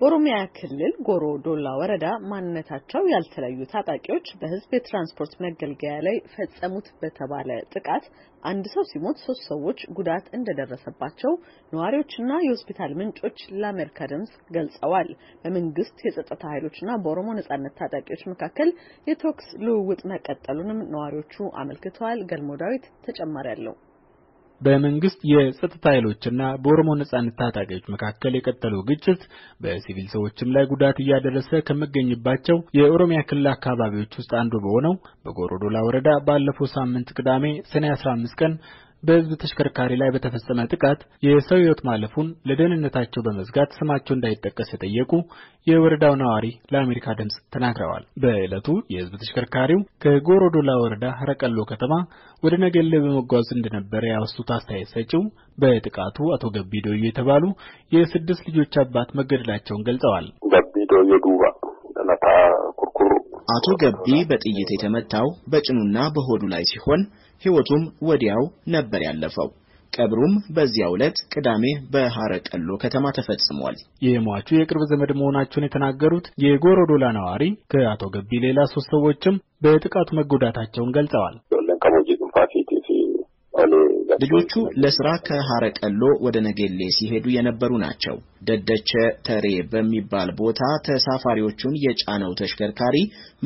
በኦሮሚያ ክልል ጎሮ ዶላ ወረዳ ማንነታቸው ያልተለዩ ታጣቂዎች በሕዝብ የትራንስፖርት መገልገያ ላይ ፈጸሙት በተባለ ጥቃት አንድ ሰው ሲሞት ሶስት ሰዎች ጉዳት እንደደረሰባቸው ነዋሪዎችና የሆስፒታል ምንጮች ለአሜሪካ ድምጽ ገልጸዋል። በመንግስት የጸጥታ ኃይሎችና በኦሮሞ ነጻነት ታጣቂዎች መካከል የተኩስ ልውውጥ መቀጠሉንም ነዋሪዎቹ አመልክተዋል። ገልሞ ዳዊት ተጨማሪ አለው። በመንግስት የጸጥታ ኃይሎችና በኦሮሞ ነጻነት ታጣቂዎች መካከል የቀጠለው ግጭት በሲቪል ሰዎችም ላይ ጉዳት እያደረሰ ከሚገኝባቸው የኦሮሚያ ክልል አካባቢዎች ውስጥ አንዱ በሆነው በጎሮዶላ ወረዳ ባለፈው ሳምንት ቅዳሜ ሰኔ 15 ቀን በሕዝብ ተሽከርካሪ ላይ በተፈጸመ ጥቃት የሰው ሕይወት ማለፉን ለደህንነታቸው በመዝጋት ስማቸው እንዳይጠቀስ የጠየቁ የወረዳው ነዋሪ ለአሜሪካ ድምፅ ተናግረዋል። በዕለቱ የሕዝብ ተሽከርካሪው ከጎሮዶላ ወረዳ ረቀሎ ከተማ ወደ ነገሌ በመጓዝ እንደነበረ ያወሱት አስተያየት ሰጪው በጥቃቱ አቶ ገቢዶዩ የተባሉ የስድስት ልጆች አባት መገደላቸውን ገልጸዋል። ገቢዶዩ ዱባ አቶ ገቢ በጥይት የተመታው በጭኑና በሆዱ ላይ ሲሆን ሕይወቱም ወዲያው ነበር ያለፈው። ቀብሩም በዚያ ዕለት ቅዳሜ በሐረቀሎ ከተማ ተፈጽሟል። የሟቹ የቅርብ ዘመድ መሆናቸውን የተናገሩት የጎሮዶላ ነዋሪ ከአቶ ገቢ ሌላ ሶስት ሰዎችም በጥቃቱ መጎዳታቸውን ገልጸዋል። ልጆቹ ለስራ ከሐረቀሎ ወደ ነገሌ ሲሄዱ የነበሩ ናቸው። ደደቸ ተሬ በሚባል ቦታ ተሳፋሪዎቹን የጫነው ተሽከርካሪ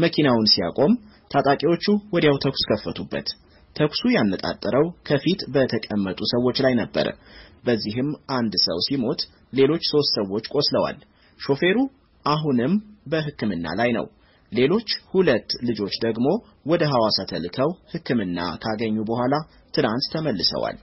መኪናውን ሲያቆም ታጣቂዎቹ ወዲያው ተኩስ ከፈቱበት። ተኩሱ ያነጣጠረው ከፊት በተቀመጡ ሰዎች ላይ ነበር። በዚህም አንድ ሰው ሲሞት ሌሎች ሦስት ሰዎች ቆስለዋል። ሾፌሩ አሁንም በሕክምና ላይ ነው። ሌሎች ሁለት ልጆች ደግሞ ወደ ሐዋሳ ተልከው ሕክምና ካገኙ በኋላ ትናንት ተመልሰዋል።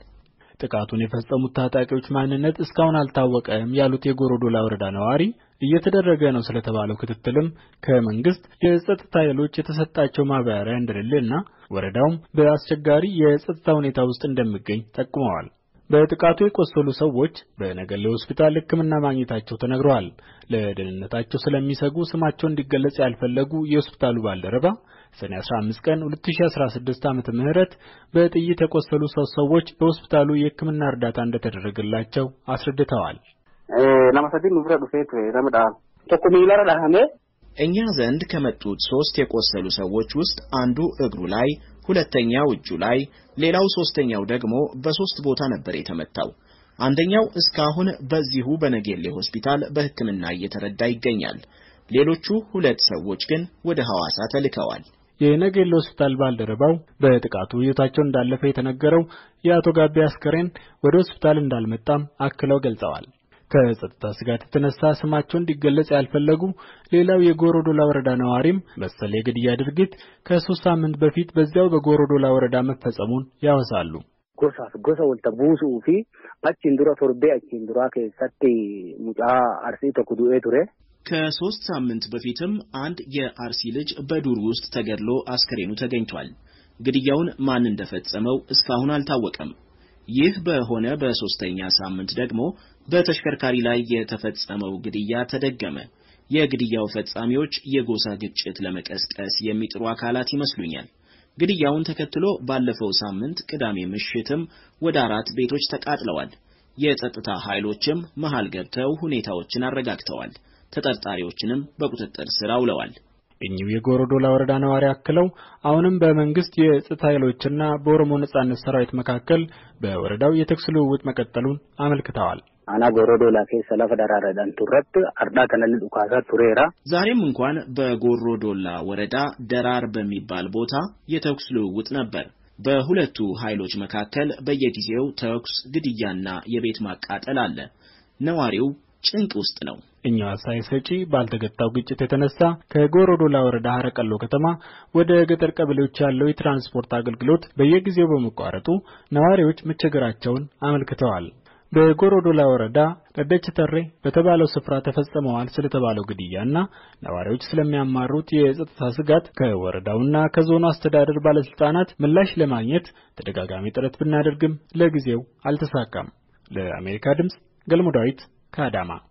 ጥቃቱን የፈጸሙት ታጣቂዎች ማንነት እስካሁን አልታወቀም ያሉት የጎሮዶላ ወረዳ ነዋሪ እየተደረገ ነው ስለተባለው ክትትልም ከመንግስት የጸጥታ ኃይሎች የተሰጣቸው ማብራሪያ እንደሌለና እና ወረዳውም በአስቸጋሪ የጸጥታ ሁኔታ ውስጥ እንደሚገኝ ጠቁመዋል። በጥቃቱ የቆሰሉ ሰዎች በነገሌ ሆስፒታል ሕክምና ማግኘታቸው ተነግረዋል። ለደህንነታቸው ስለሚሰጉ ስማቸው እንዲገለጽ ያልፈለጉ የሆስፒታሉ ባልደረባ ሰኔ 15 ቀን 2016 ዓመተ ምህረት በጥይት የቆሰሉ ሰው ሰዎች በሆስፒታሉ የሕክምና እርዳታ እንደተደረገላቸው አስረድተዋል። እኛ ዘንድ ከመጡት ሶስት የቆሰሉ ሰዎች ውስጥ አንዱ እግሩ ላይ ሁለተኛው እጁ ላይ፣ ሌላው ሶስተኛው ደግሞ በሶስት ቦታ ነበር የተመታው። አንደኛው እስካሁን በዚሁ በነጌሌ ሆስፒታል በሕክምና እየተረዳ ይገኛል። ሌሎቹ ሁለት ሰዎች ግን ወደ ሐዋሳ ተልከዋል። የነጌሌ ሆስፒታል ባልደረባው በጥቃቱ ሕይወታቸው እንዳለፈ የተነገረው የአቶ ጋቢ አስከሬን ወደ ሆስፒታል እንዳልመጣም አክለው ገልጸዋል። ከጸጥታ ስጋት የተነሳ ስማቸው እንዲገለጽ ያልፈለጉ ሌላው የጎሮዶላ ወረዳ ነዋሪም መሰል የግድያ ድርጊት ከሶስት ሳምንት በፊት በዚያው በጎሮዶላ ወረዳ መፈጸሙን ያወሳሉ። ጎሳፍ ጎሳ ወልተ ቡሱ ፊ አቺን ዱራ ቶርቤ አቺን ዱራ ከሰቲ ሙጫ አርሲ ተኩ ዱኤ ቱሬ ከሶስት ሳምንት በፊትም አንድ የአርሲ ልጅ በዱር ውስጥ ተገድሎ አስከሬኑ ተገኝቷል። ግድያውን ማን እንደፈጸመው እስካሁን አልታወቀም። ይህ በሆነ በሶስተኛ ሳምንት ደግሞ በተሽከርካሪ ላይ የተፈጸመው ግድያ ተደገመ። የግድያው ፈጻሚዎች የጎሳ ግጭት ለመቀስቀስ የሚጥሩ አካላት ይመስሉኛል። ግድያውን ተከትሎ ባለፈው ሳምንት ቅዳሜ ምሽትም ወደ አራት ቤቶች ተቃጥለዋል። የጸጥታ ኃይሎችም መሃል ገብተው ሁኔታዎችን አረጋግተዋል። ተጠርጣሪዎችንም በቁጥጥር ስር አውለዋል። እኚሁ የጎሮዶላ ወረዳ ነዋሪ አክለው አሁንም በመንግስት የጸጥታ ኃይሎችና በኦሮሞ ነጻነት ሰራዊት መካከል በወረዳው የተኩስ ልውውጥ መቀጠሉን አመልክተዋል። አና ጎሮዶላ ኬሰ ለፈ ደራረዳን ቱረት አርዳ ከነል ዱካሳ ቱሬራ ዛሬም እንኳን በጎሮዶላ ወረዳ ደራር በሚባል ቦታ የተኩስ ልውውጥ ነበር። በሁለቱ ኃይሎች መካከል በየጊዜው ተኩስ፣ ግድያና የቤት ማቃጠል አለ። ነዋሪው ጭንቅ ውስጥ ነው። እኛው ሳይ ሰጪ ባልተገታው ግጭት የተነሳ ከጎሮዶላ ወረዳ ሀረቀሎ ከተማ ወደ ገጠር ቀበሌዎች ያለው የትራንስፖርት አገልግሎት በየጊዜው በመቋረጡ ነዋሪዎች መቸገራቸውን አመልክተዋል። በጎሮዶላ ወረዳ ደደች ተሬ በተባለው ስፍራ ተፈጸመዋል ስለተባለው ግድያና ነዋሪዎች ስለሚያማሩት የጸጥታ ስጋት ከወረዳውና ከዞኑ አስተዳደር ባለስልጣናት ምላሽ ለማግኘት ተደጋጋሚ ጥረት ብናደርግም ለጊዜው አልተሳካም። ለአሜሪካ ድምፅ ገልሞ ዳዊት 卡达玛。